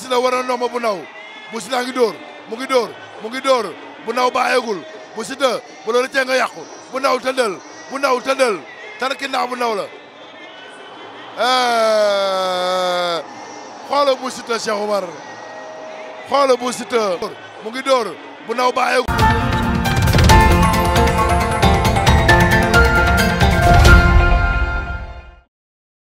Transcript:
Siteu war na ndomba bu naw bu Siteu ngi dóor mu ngi dóor mu ngi dóor bu ndaw bàyyeegul bu Siteu bu loolu cee nga yàqu bu ndaw tëddal bu ndaw tëddal tarkindaa bu naw la eh, xoola bu Siteu Cheikh Oumar xoola bu Siteu mu ngi dóor bu naw ndaw bàyyeegul